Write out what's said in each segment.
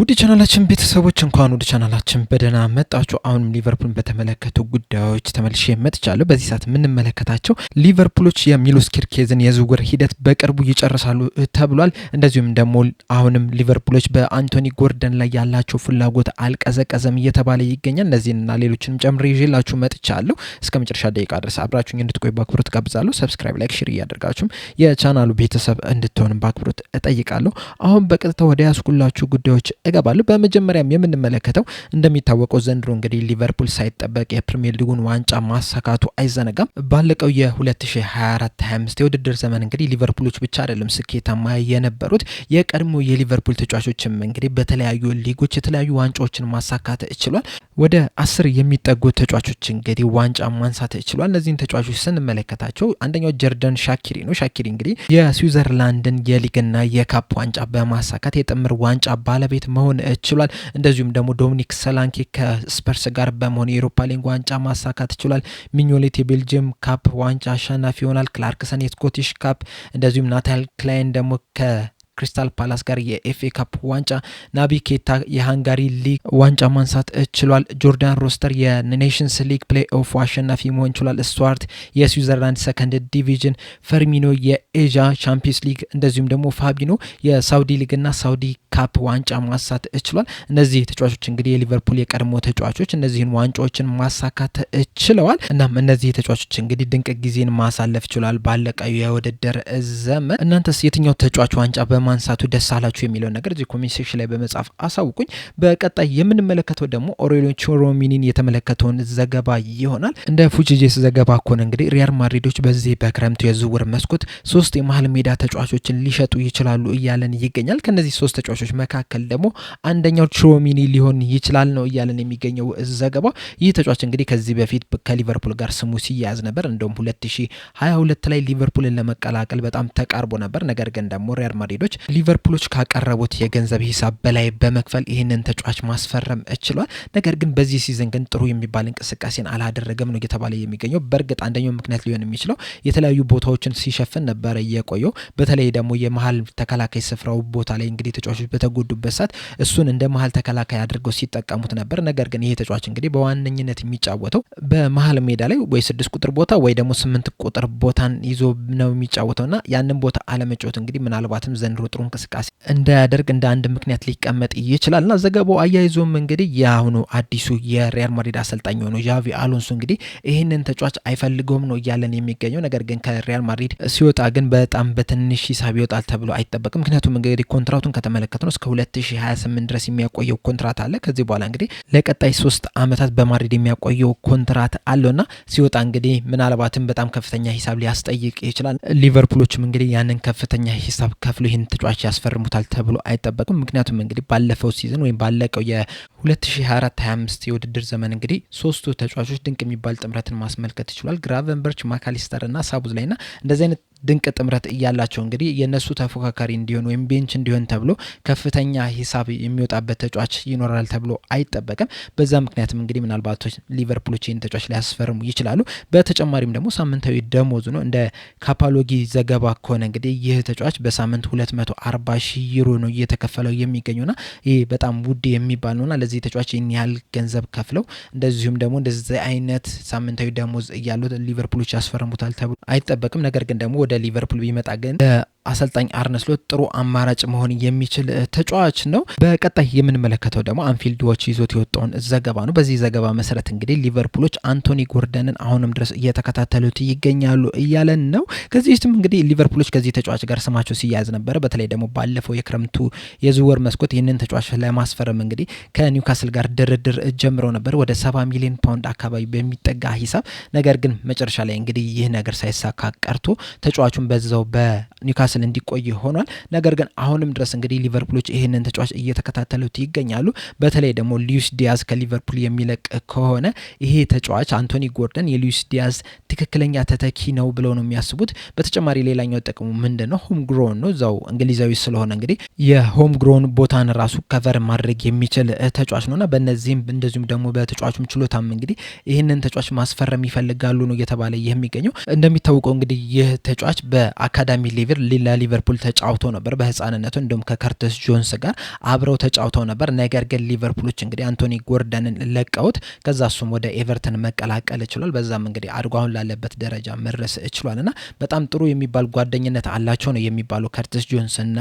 ውድ ቻናላችን ቤተሰቦች እንኳን ውድ ቻናላችን በደህና መጣችሁ። አሁንም ሊቨርፑልን በተመለከቱ ጉዳዮች ተመልሼ መጥቻለሁ። በዚህ ሰዓት የምንመለከታቸው ሊቨርፑሎች የሚሎስ ኪርኬዝን የዝውውር ሂደት በቅርቡ ይጨርሳሉ ተብሏል። እንደዚሁም ደግሞ አሁንም ሊቨርፑሎች በአንቶኒ ጎርደን ላይ ያላቸው ፍላጎት አልቀዘቀዘም እየተባለ ይገኛል። እነዚህንና ሌሎችንም ጨምሬ ይዤላችሁ መጥቻለሁ። እስከ መጨረሻ ደቂቃ ድረስ አብራችሁኝ እንድትቆይ በአክብሮት ጋብዛለሁ። ሰብስክራይብ፣ ላይክ፣ ሽር እያደርጋችሁም የቻናሉ ቤተሰብ እንድትሆን በአክብሮት እጠይቃለሁ። አሁን በቀጥታ ወደ ያስኩላችሁ ጉዳዮች እገባለሁ። በመጀመሪያም የምንመለከተው እንደሚታወቀው ዘንድሮ እንግዲህ ሊቨርፑል ሳይጠበቅ የፕሪሚየር ሊጉን ዋንጫ ማሳካቱ አይዘነጋም። ባለቀው የ2024/25 የውድድር ዘመን እንግዲህ ሊቨርፑሎች ብቻ አይደለም ስኬታማ የነበሩት የቀድሞ የሊቨርፑል ተጫዋቾችም እንግዲህ በተለያዩ ሊጎች የተለያዩ ዋንጫዎችን ማሳካት ችሏል። ወደ አስር የሚጠጉ ተጫዋቾች እንግዲህ ዋንጫ ማንሳት እችሏል። እነዚህን ተጫዋቾች ስንመለከታቸው አንደኛው ጀርደን ሻኪሪ ነው። ሻኪሪ እንግዲህ የስዊዘርላንድን የሊግና የካፕ ዋንጫ በማሳካት የጥምር ዋንጫ ባለቤት መሆን ችሏል። እንደዚሁም ደግሞ ዶሚኒክ ሰላንኬ ከስፐርስ ጋር በመሆን የኤሮፓ ሊግ ዋንጫ ማሳካት ችሏል። ሚኞሌት የቤልጅየም ካፕ ዋንጫ አሸናፊ ይሆናል። ክላርክሰን የስኮቲሽ ካፕ እንደዚሁም ናታል ክላይን ደግሞ ከ ከክሪስታል ፓላስ ጋር የኤፍኤ ካፕ ዋንጫ፣ ናቢ ኬታ የሃንጋሪ ሊግ ዋንጫ ማንሳት ችሏል። ጆርዳን ሮስተር የኔሽንስ ሊግ ፕሌይ ኦፍ አሸናፊ መሆን ችሏል። ስቱዋርት የስዊዘርላንድ ሰከንድ ዲቪዥን፣ ፈርሚኖ የኤዥያ ቻምፒየንስ ሊግ እንደዚሁም ደግሞ ፋቢኖ የሳውዲ ሊግና ሳውዲ ካፕ ዋንጫ ማሳት ችሏል። እነዚህ ተጫዋቾች እንግዲህ የሊቨርፑል የቀድሞ ተጫዋቾች እነዚህን ዋንጫዎችን ማሳካት ችለዋል። እናም እነዚህ ተጫዋቾች እንግዲህ ድንቅ ጊዜን ማሳለፍ ችሏል ባለቀዩ የውድድር ዘመን። እናንተስ የትኛው ተጫዋች ዋንጫ በማ ማንሳቱ ደስ አላችሁ የሚለውን ነገር እዚህ ኮሜንት ሴክሽን ላይ በመጻፍ አሳውቁኝ። በቀጣይ የምንመለከተው ደግሞ ኦሬሊዮ ችሮሚኒን የተመለከተውን ዘገባ ይሆናል። እንደ ፉቺጄስ ዘገባ ከሆነ እንግዲህ ሪያል ማድሪዶች በዚህ በክረምቱ የዝውውር መስኮት ሶስት የመሀል ሜዳ ተጫዋቾችን ሊሸጡ ይችላሉ እያለን ይገኛል። ከነዚህ ሶስት ተጫዋቾች መካከል ደግሞ አንደኛው ችሮሚኒ ሊሆን ይችላል ነው እያለን የሚገኘው ዘገባ። ይህ ተጫዋች እንግዲህ ከዚህ በፊት ከሊቨርፑል ጋር ስሙ ሲያያዝ ነበር። እንደውም 2022 ላይ ሊቨርፑልን ለመቀላቀል በጣም ተቃርቦ ነበር። ነገር ግን ደግሞ ሪያል ማድሪዶች ተጫዋች ሊቨርፑሎች ካቀረቡት የገንዘብ ሂሳብ በላይ በመክፈል ይህንን ተጫዋች ማስፈረም እችሏል። ነገር ግን በዚህ ሲዝን ግን ጥሩ የሚባል እንቅስቃሴን አላደረገም ነው እየተባለ የሚገኘው። በእርግጥ አንደኛው ምክንያት ሊሆን የሚችለው የተለያዩ ቦታዎችን ሲሸፍን ነበረ የቆየው። በተለይ ደግሞ የመሀል ተከላካይ ስፍራው ቦታ ላይ እንግዲህ ተጫዋቾች በተጎዱበት ሰዓት እሱን እንደ መሀል ተከላካይ አድርገው ሲጠቀሙት ነበር። ነገር ግን ይሄ ተጫዋች እንግዲህ በዋነኝነት የሚጫወተው በመሀል ሜዳ ላይ ወይ ስድስት ቁጥር ቦታ ወይ ደግሞ ስምንት ቁጥር ቦታን ይዞ ነው የሚጫወተው እና ያንን ቦታ አለመጫወት እንግዲህ ምናልባትም ዘንድሮ ዘንድሮ ጥሩ እንቅስቃሴ እንዳያደርግ እንደ አንድ ምክንያት ሊቀመጥ ይችላል እና ዘገባው አያይዞም እንግዲህ የአሁኑ አዲሱ የሪያል ማድሪድ አሰልጣኝ የሆነው ዣቪ አሎንሶ እንግዲህ ይህንን ተጫዋች አይፈልገውም ነው እያለን የሚገኘው ነገር ግን ከሪያል ማድሪድ ሲወጣ ግን በጣም በትንሽ ሂሳብ ይወጣል ተብሎ አይጠበቅም። ምክንያቱም እንግዲህ ኮንትራቱን ከተመለከት ነው እስከ 2028 ድረስ የሚያቆየው ኮንትራት አለ። ከዚህ በኋላ እንግዲህ ለቀጣይ ሶስት ዓመታት በማድሪድ የሚያቆየው ኮንትራት አለው እና ሲወጣ እንግዲህ ምናልባትም በጣም ከፍተኛ ሂሳብ ሊያስጠይቅ ይችላል። ሊቨርፑሎችም እንግዲህ ያንን ከፍተኛ ሂሳብ ከፍሎ ይህን ተጫዋች ያስፈርሙታል ተብሎ አይጠበቅም። ምክንያቱም እንግዲህ ባለፈው ሲዝን ወይም ባለቀው የ2024/25 የውድድር ዘመን እንግዲህ ሶስቱ ተጫዋቾች ድንቅ የሚባል ጥምረትን ማስመልከት ይችሏል። ግራቨንበርች፣ ማካሊስተር እና ሳቡዝ ላይ ና እንደዚህ አይነት ድንቅ ጥምረት እያላቸው እንግዲህ የእነሱ ተፎካካሪ እንዲሆን ወይም ቤንች እንዲሆን ተብሎ ከፍተኛ ሂሳብ የሚወጣበት ተጫዋች ይኖራል ተብሎ አይጠበቅም። በዛ ምክንያትም እንግዲህ ምናልባቶች ሊቨርፑሎች ይህን ተጫዋች ሊያስፈርሙ ይችላሉ። በተጨማሪም ደግሞ ሳምንታዊ ደሞዝ ነው። እንደ ካፓሎጊ ዘገባ ከሆነ እንግዲህ ይህ ተጫዋች በሳምንት 240 ሺህ ዩሮ ነው እየተከፈለው የሚገኙና ይህ በጣም ውድ የሚባል ነውና ለዚህ ተጫዋች ይህን ያህል ገንዘብ ከፍለው እንደዚሁም ደግሞ እንደዚህ አይነት ሳምንታዊ ደሞዝ እያሉት ሊቨርፑሎች ያስፈርሙታል ተብሎ አይጠበቅም። ነገር ግን ደግሞ ወደ ወደ ሊቨርፑል ቢመጣ ግን አሰልጣኝ አርነ ጥሩ አማራጭ መሆን የሚችል ተጫዋች ነው። በቀጣይ የምንመለከተው ደግሞ አንፊልድ ዎች ይዞት የወጣውን ዘገባ ነው። በዚህ ዘገባ መሰረት እንግዲህ ሊቨርፑሎች አንቶኒ ጎርደንን አሁንም ድረስ እየተከታተሉት ይገኛሉ እያለን ነው። ከዚህ ውስጥም እንግዲህ ሊቨርፑሎች ከዚህ ተጫዋች ጋር ስማቸው ሲያያዝ ነበረ። በተለይ ደግሞ ባለፈው የክረምቱ የዝውውር መስኮት ይህንን ተጫዋች ለማስፈረም እንግዲህ ከኒውካስል ጋር ድርድር ጀምሮ ነበር ወደ ሰባ ሚሊዮን ፓውንድ አካባቢ በሚጠጋ ሂሳብ። ነገር ግን መጨረሻ ላይ እንግዲህ ይህ ነገር ሳይሳካ ቀርቶ ተጫዋቹን በዛው በኒውካስል ኒውካስል እንዲቆይ ሆኗል። ነገር ግን አሁንም ድረስ እንግዲህ ሊቨርፑሎች ይህንን ተጫዋች እየተከታተሉት ይገኛሉ። በተለይ ደግሞ ሊዩስ ዲያዝ ከሊቨርፑል የሚለቅ ከሆነ ይሄ ተጫዋች አንቶኒ ጎርደን የሊዩስ ዲያዝ ትክክለኛ ተተኪ ነው ብለው ነው የሚያስቡት። በተጨማሪ ሌላኛው ጥቅሙ ምንድን ነው? ሆም ግሮን ነው። እዛው እንግሊዛዊ ስለሆነ እንግዲህ የሆም ግሮን ቦታን ራሱ ከቨር ማድረግ የሚችል ተጫዋች ነውና በእነዚህም እንደዚሁም ደግሞ በተጫዋቹም ችሎታም እንግዲህ ይህንን ተጫዋች ማስፈረም ይፈልጋሉ ነው እየተባለ የሚገኘው። እንደሚታወቀው እንግዲህ ይህ ተጫዋች በአካዳሚ ሌቨል ለሊቨርፑል ተጫውቶ ነበር በህፃንነቱ እንዲሁም ከከርተስ ጆንስ ጋር አብረው ተጫውተው ነበር። ነገር ግን ሊቨርፑሎች እንግዲህ አንቶኒ ጎርደንን ለቀውት ከዛ እሱም ወደ ኤቨርተን መቀላቀል ችሏል። በዛም እንግዲህ አድጎ አሁን ላለበት ደረጃ መድረስ ችሏል እና በጣም ጥሩ የሚባል ጓደኝነት አላቸው ነው የሚባሉ ከርተስ ጆንስ እና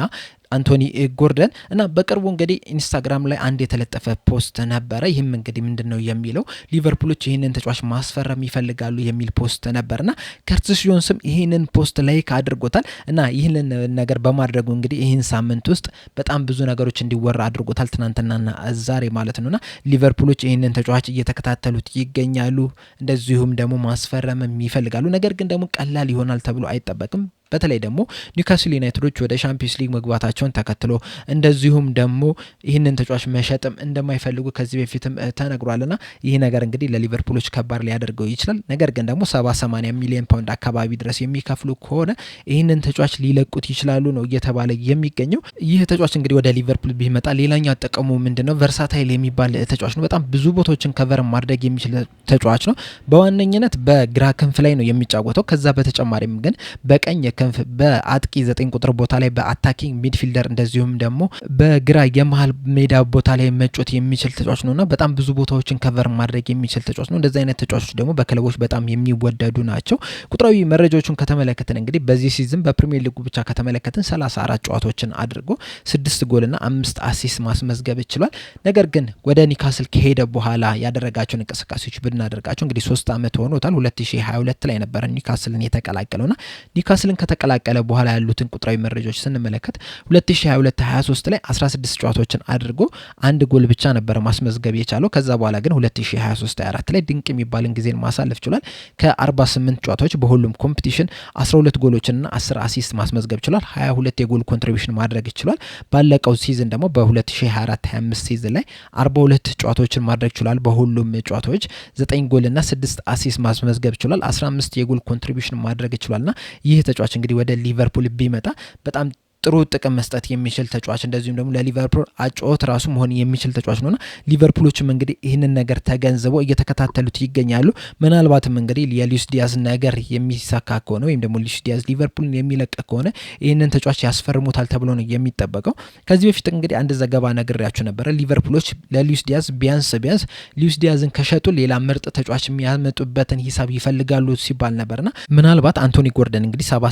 አንቶኒ ጎርደን እና በቅርቡ እንግዲህ ኢንስታግራም ላይ አንድ የተለጠፈ ፖስት ነበረ። ይህም እንግዲህ ምንድን ነው የሚለው ሊቨርፑሎች ይህንን ተጫዋች ማስፈረም ይፈልጋሉ የሚል ፖስት ነበርና ከርቲስ ጆንስም ይህንን ፖስት ላይክ አድርጎታል እና ይህንን ነገር በማድረጉ እንግዲህ ይህን ሳምንት ውስጥ በጣም ብዙ ነገሮች እንዲወራ አድርጎታል። ትናንትናና ዛሬ ማለት ነውና ሊቨርፑሎች ይህንን ተጫዋች እየተከታተሉት ይገኛሉ። እንደዚሁም ደግሞ ማስፈረምም ይፈልጋሉ። ነገር ግን ደግሞ ቀላል ይሆናል ተብሎ አይጠበቅም። በተለይ ደግሞ ኒውካስል ዩናይትዶች ወደ ሻምፒዮንስ ሊግ መግባታቸውን ተከትሎ እንደዚሁም ደግሞ ይህንን ተጫዋች መሸጥም እንደማይፈልጉ ከዚህ በፊትም ተነግሯልና ይህ ነገር እንግዲህ ለሊቨርፑሎች ከባድ ሊያደርገው ይችላል። ነገር ግን ደግሞ ሰባ ሰማኒያ ሚሊዮን ፓውንድ አካባቢ ድረስ የሚከፍሉ ከሆነ ይህንን ተጫዋች ሊለቁት ይችላሉ ነው እየተባለ የሚገኘው። ይህ ተጫዋች እንግዲህ ወደ ሊቨርፑል ቢመጣ ሌላኛው ጥቅሙ ምንድን ነው? ቨርሳታይል የሚባል ተጫዋች ነው። በጣም ብዙ ቦታዎችን ከቨር ማድረግ የሚችል ተጫዋች ነው። በዋነኝነት በግራ ክንፍ ላይ ነው የሚጫወተው። ከዛ በተጨማሪም ግን በቀኝ ክንፍ፣ በአጥቂ ዘጠኝ ቁጥር ቦታ ላይ በአታኪንግ ሚድፊልደር እንደዚሁም ደግሞ በግራ የመሀል ሜዳ ቦታ ላይ መጮት የሚችል ተጫዋች እና በጣም ብዙ ቦታዎችን ከቨር ማድረግ የሚችል ተጫዋች ነው። እንደዚህ አይነት ተጫዋቾች ደግሞ በክለቦች በጣም የሚወደዱ ናቸው። ቁጥራዊ መረጃዎቹን ከተመለከትን እንግዲህ በዚህ ሲዝን በፕሪሚየር ሊጉ ብቻ ከተመለከትን ሰላሳ አራት ጨዋታዎችን አድርጎ ስድስት ጎልና አምስት አሲስት ማስመዝገብ ችሏል። ነገር ግን ወደ ኒካስል ከሄደ በኋላ ያደረጋቸውን እንቅስቃሴዎች ብናደርጋቸው እንግዲህ ሶስት አመት ሆኖታል። 2022 ላይ ነበረ ኒካስልን የተቀላቀለውና ኒካስልን ከተቀላቀለ በኋላ ያሉትን ቁጥራዊ መረጃዎች ስንመለከት 2022/23 ላይ 16 ጨዋታዎችን አድርጎ አንድ ጎል ብቻ ነበረ ማስመዝገብ የቻለው። ከዛ በኋላ ግን 2023/24 ላይ ድንቅ የሚባልን ጊዜን ማሳለፍ ችሏል። ከ48 ጨዋታዎች በሁሉም ኮምፒቲሽን 12 ጎሎችንና 10 አሲስት ማስመዝገብ ችሏል። 22 የጎል ኮንትሪቢሽን ማድረግ ችሏል። ባለቀው ሲዝን ደግሞ በ2024/25 ሲዝን ላይ 42 ጨዋታዎችን ማድረግ ችሏል። በሁሉም ጨዋታዎች 9 ጎልና 6 አሲስት ማስመዝገብ ችሏል። 15 የጎል ኮንትሪቢሽን ማድረግ ችሏልና ይህ ተጫዋች እንግዲህ ወደ ሊቨርፑል ቢመጣ በጣም ጥሩ ጥቅም መስጠት የሚችል ተጫዋች እንደዚሁም ደግሞ ለሊቨርፑል አጫወት ራሱ መሆን የሚችል ተጫዋች ነውና ሊቨርፑሎችም እንግዲህ ይህንን ነገር ተገንዝበው እየተከታተሉት ይገኛሉ። ምናልባትም እንግዲህ የሉዊስ ዲያዝ ነገር የሚሳካ ከሆነ ወይም ደግሞ ሉዊስ ዲያዝ ሊቨርፑልን የሚለቅ ከሆነ ይህንን ተጫዋች ያስፈርሙታል ተብሎ ነው የሚጠበቀው። ከዚህ በፊት እንግዲህ አንድ ዘገባ ነግሬያችሁ ነበረ። ሊቨርፑሎች ለሉዊስ ዲያዝ ቢያንስ ቢያንስ ሉዊስ ዲያዝን ከሸጡ ሌላ ምርጥ ተጫዋች የሚያመጡበትን ሂሳብ ይፈልጋሉ ሲባል ነበርና ምናልባት አንቶኒ ጎርደን እንግዲህ ሰባ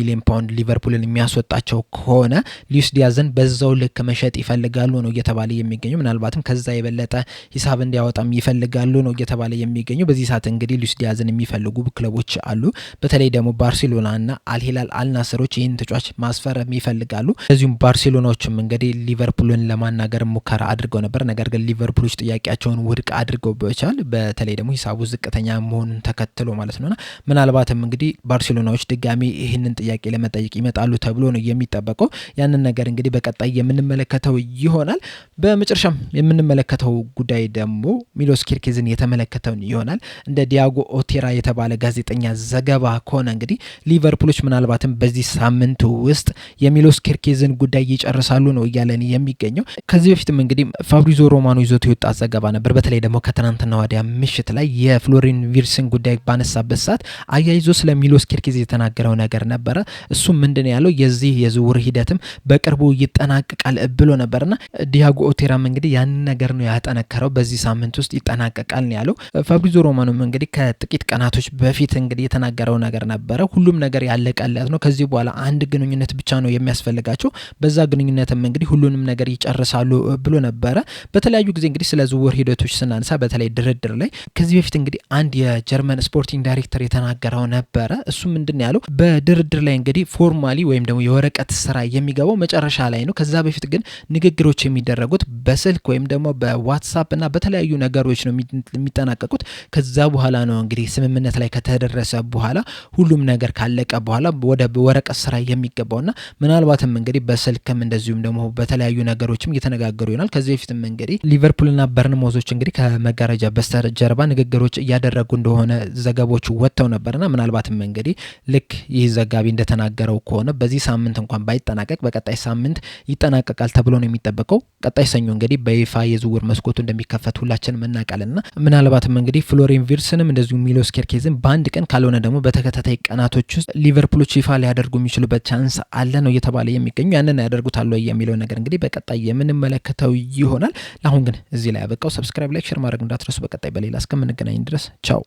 ሚሊዮን ፓውንድ ሊቨርፑልን የሚያስወጣቸው ከሆነ ሉዊስ ዲያዝን በዛው ልክ መሸጥ ይፈልጋሉ ነው እየተባለ የሚገኙ ምናልባትም ከዛ የበለጠ ሂሳብ እንዲያወጣም ይፈልጋሉ ነው እየተባለ የሚገኙ። በዚህ ሰዓት እንግዲህ ሊዩስ ዲያዝን የሚፈልጉ ክለቦች አሉ። በተለይ ደግሞ ባርሴሎና እና አልሂላል አልናስሮች ይህን ተጫዋች ማስፈረም ይፈልጋሉ። እንደዚሁም ባርሴሎናዎችም እንግዲህ ሊቨርፑልን ለማናገር ሙከራ አድርገው ነበር። ነገር ግን ሊቨርፑሎች ጥያቄያቸውን ውድቅ አድርገው በተለይ ደግሞ ሂሳቡ ዝቅተኛ መሆኑን ተከትሎ ማለት ነውና ምናልባትም እንግዲህ ባርሴሎናዎች ድጋሚ ይህንን ጥያቄ ለመጠየቅ ይመጣሉ ተብሎ ነው የሚ የሚጠበቀው። ያንን ነገር እንግዲህ በቀጣይ የምንመለከተው ይሆናል። በመጨረሻም የምንመለከተው ጉዳይ ደግሞ ሚሎስ ኪርኬዝን የተመለከተውን ይሆናል። እንደ ዲያጎ ኦቴራ የተባለ ጋዜጠኛ ዘገባ ከሆነ እንግዲህ ሊቨርፑሎች ምናልባትም በዚህ ሳምንት ውስጥ የሚሎስ ኪርኬዝን ጉዳይ ይጨርሳሉ ነው እያለን የሚገኘው። ከዚህ በፊትም እንግዲህ ፋብሪዞ ሮማኖ ይዞት የወጣ ዘገባ ነበር። በተለይ ደግሞ ከትናንትና ወዲያ ምሽት ላይ የፍሎሪን ቪርስን ጉዳይ ባነሳበት ሰዓት አያይዞ ስለ ሚሎስ ኪርኬዝ የተናገረው ነገር ነበረ። እሱም ምንድን ያለው የዚህ የዝ የዝውውር ሂደትም በቅርቡ ይጠናቀቃል ብሎ ነበርና ዲያጎ ኦቴራም እንግዲህ ያንን ነገር ነው ያጠነከረው። በዚህ ሳምንት ውስጥ ይጠናቀቃል ነው ያለው። ፋብሪዞ ሮማኖም እንግዲህ ከጥቂት ቀናቶች በፊት እንግዲህ የተናገረው ነገር ነበረ። ሁሉም ነገር ያለቀለት ነው። ከዚህ በኋላ አንድ ግንኙነት ብቻ ነው የሚያስፈልጋቸው። በዛ ግንኙነትም እንግዲህ ሁሉንም ነገር ይጨርሳሉ ብሎ ነበረ። በተለያዩ ጊዜ እንግዲህ ስለ ዝውውር ሂደቶች ስናነሳ በተለይ ድርድር ላይ ከዚህ በፊት እንግዲህ አንድ የጀርመን ስፖርቲንግ ዳይሬክተር የተናገረው ነበረ። እሱ ምንድን ያለው በድርድር ላይ እንግዲህ ፎርማሊ ወይም ደግሞ የወረቀት ስራ የሚገባው መጨረሻ ላይ ነው። ከዛ በፊት ግን ንግግሮች የሚደረጉት በስልክ ወይም ደግሞ በዋትሳፕ እና በተለያዩ ነገሮች ነው የሚጠናቀቁት። ከዛ በኋላ ነው እንግዲህ ስምምነት ላይ ከተደረሰ በኋላ ሁሉም ነገር ካለቀ በኋላ ወደ ወረቀት ስራ የሚገባው እና ምናልባትም እንግዲህ በስልክም እንደዚሁም ደግሞ በተለያዩ ነገሮችም እየተነጋገሩ ይሆናል። ከዚህ በፊትም እንግዲህ ሊቨርፑልና በርንሞዞች እንግዲህ ከመጋረጃ በስተጀርባ ንግግሮች እያደረጉ እንደሆነ ዘገቦች ወጥተው ነበርና ምናልባትም እንግዲህ ልክ ይህ ዘጋቢ እንደተናገረው ከሆነ በዚህ ሳምንት እንኳን እንኳን ባይጠናቀቅ በቀጣይ ሳምንት ይጠናቀቃል ተብሎ ነው የሚጠበቀው። ቀጣይ ሰኞ እንግዲህ በይፋ የዝውውር መስኮቱ እንደሚከፈት ሁላችንም እናውቃለንና ምናልባትም እንግዲህ ፍሎሪን ቪርስንም እንደዚሁ ሚሎስ ኬርኬዝን በአንድ ቀን ካልሆነ ደግሞ በተከታታይ ቀናቶች ውስጥ ሊቨርፑሎች ይፋ ሊያደርጉ የሚችሉበት ቻንስ አለ ነው እየተባለ የሚገኙ ያንን ያደርጉታል የሚለው ነገር እንግዲህ በቀጣይ የምንመለከተው ይሆናል። ለአሁን ግን እዚህ ላይ ያበቃው። ሰብስክራይብ፣ ላይክ፣ ሼር ማድረግ እንዳትረሱ። በቀጣይ በሌላ እስከምንገናኝ ድረስ ቻው።